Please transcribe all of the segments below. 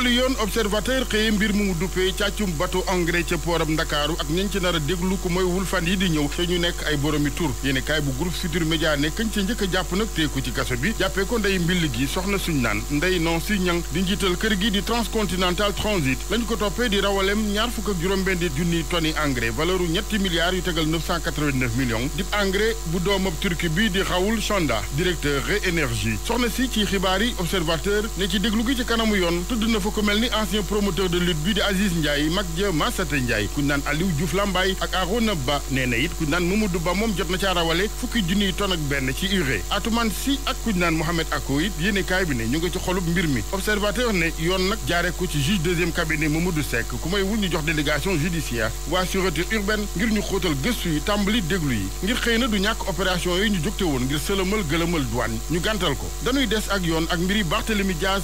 wàllu yoon observateur xëye mbir mu duppee càccum bateau engrais ca pooram ndakaaru ak ñañ ci nar a déglu ko mooy wul fan yi di ñëw te ñu nekk ay boromi tur yéeni kaay bu groupe Futurs Médias ne kañ ca njëkk a jàpp nag teeku ci kaso bi jàppee ko ndey mbill gi soxna suñ naan ndey non si ñang di njiital kër gi di transcontinental transit lañ ko toppee di rawalem junniy tonni engrais valeuru ñetti milliards yu tegal 989 dib engrais bu doomab turki bi di xawul chanda fa ku mel ni ancien promoteur de lutte bi di Aziz Ndiaye mag ja Massata Ndiaye ku naan Aliou Diouf ak Arona Ba nee na it ku naan Mamadou Ba moom jot na ca rawale fukki junniy tonn ak benn ci urée Atoumane Sy ak ku naan Ako it yéene kaay bi ne ñu nga ci xolub mbir mi observateur ne yoon nag jaare ko ci juge deuxième cabinet Mamadou Seck ku may wul ñu jox délégation judiciaire waa sûreté urbaine ngir ñu xóotal gëstu yi tàmbali déglu yi ngir na du ñàkk opération yi ñu jógte woon ngir ko dañuy des ak yoon ak mbiri Barthélemy Diaz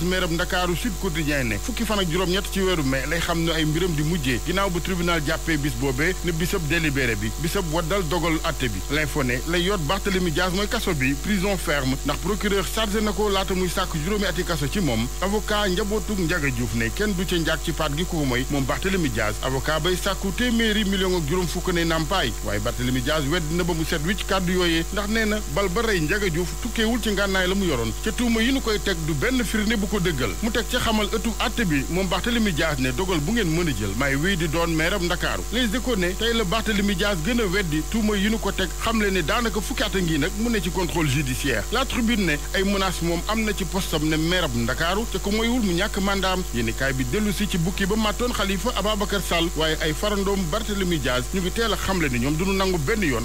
ne fukki fan juróom ñett ci weeru mai lay xam ne ay mbiram di mujjee ginnaaw bu tribunal jàppee bis boobee ne bisab délibéré bi bisab waddal dogal atte bi l'info ne lay yoot Barthélemy Diaz mooy kaso bi prison ferme ndax procureur chargé na ko laata muy sàkk juróomi ati kaso ci moom avocat njabootug Ndiaga Diouf ne kenn du ca njaag ci paat gi ko mooy moom Barthélemy Diaz avocat bay sàkku téeméeri million ak juróom fukk ne nàmpaay waaye Barthélemy Diaz wedd na ba mu set wicc kàddu yooyee ndax nee ba rey Ndiaga Diouf tukkeewul ci ngànnaay la mu yoroon ca nu koy teg du benn firnde bu ko dëggal mu teg ca xamal ëttu atte bi moom Barthélemy ne dogal bu ngeen mën a jël may wéy di doon meeram Ndakaaru les échos ne tey la Barthélemy Dias gën a weddi tuuma yi nu ko teg xamle ne daanaka fukki a ngi nag mu ne ci contrôle judiciaire la tribune ne ay menaces moom am na ci postam ne meerab Ndakaaru te ko moywul mu ñàkk mandaam yéeni bi dellu ci bukki ba màttoon Khalifa Ababacar Sall waaye ay farandoom Barthélemy ñu ngi teel a xamle ne ñoom duñu nangu benn yoon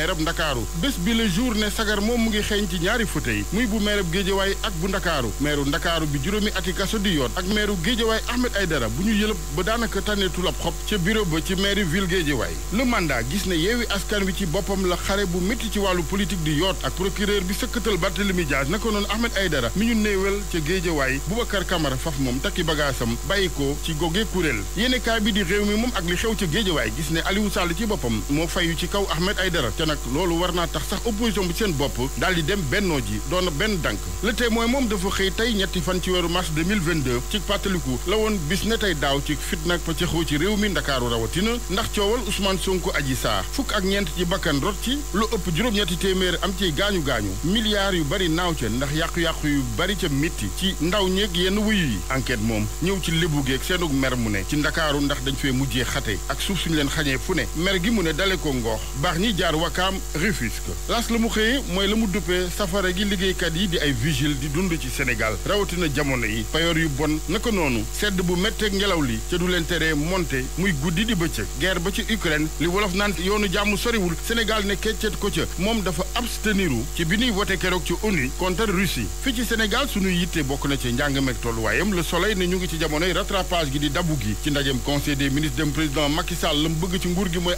a meerab ndakaaru bés bi la jour ne sagar moom mu ngi xeeñ ci ñaari fauteuil muy bu meerab géejawaay ak bu ndakaaru meeru ndakaaru bi juróomi ati kaso di yoon ak meeru géejawaay Ahmed Aidara bu ñu yëlëb ba daanaka tànneetul ab xob ca bureau ba ci mairie ville géejawaay le mandat gis ne yeewi askan wi ci boppam la xare bu métti ci wàllu politique di yoot ak procureur bi sëkkatal Barthélemy Diaz naka noonu Ahmed Aidara mi ñu néewel ca géejawaay Boubacar Camara faf moom takki bagaasam bàyyi ko ci goge kuréel yéenekaay bi di réew mi moom ak li xew ca géejawaay gis ne Aliou Sall ci boppam moo fayu ci kaw Ahmed Aidara loolu war naa tax sax opposition bu seen bopp daal di dem bennoo ji doon benn dànk le mooy moom dafa xëy tey ñetti fan ci weeru mars 2022 ci pàttaliku la woon bis ne tey daaw ci fitna pëccëxoo ci réew mi ndakaaru rawatina ndax coowal Ousmane Sonko aji saa fukk ak ñeent ci bakkan rot ci lu ëpp juróom-ñetti téeméer am ci gaañu gaañu milliards yu bari naaw ca ndax yàqu-yàqu yu bari ca mitti ci ndaw ñeeg yenn wuyu yi enquête moom ñëw ci lébu geeg seenug mer mu ne ci ndakaaru ndax dañ fee mujjee xate ak suuf suñu leen xañee fu ne mer gi mu ne dale ko ngoox baax ñi jaar Wakaam Rufisque las la mu xëyee mooy la mu duppee safara gi liggéeykat yi di ay vigile di dund ci Sénégal rawatina jamono yi payoor yu bon naka noonu sedd bu métteeg ngelaw li ca du leen teree monte muy guddi di bëccëg guerre ba ci Ukraine li wolof naan yoonu jàmm soriwul Sénégal ne keccet ko ca moom dafa absteniru ci bi ñuy wote keroog ci ONU contre Russie fii ci Sénégal sunu yitte bokk na ci njàng meeg tolluwaayam Le Soleil ne ñu ngi ci jamonoy rattrapage gi di dabu dem président Macky Sall la mu bëgg gi mooy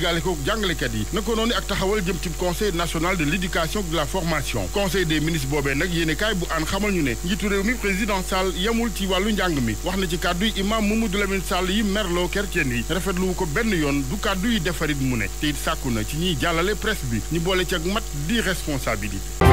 digaale ko jàngalekat yi na ko noonu ak taxawal jëm ci conseil national de l' de la formation conseil des ministres boobee nag yéene bu aan xamal ñu ne njiitu réew mi président Sall yamul ci wàllu njàng mi wax na ci kàddu yi imaam Mamadou Lamine Sall yi merloo kerceen yi rafetlu ko benn yoon du kàddu yi defarit mu ne te sàkku na ci ñiy jàllale presse bi ñu boole ci mat di responsabilité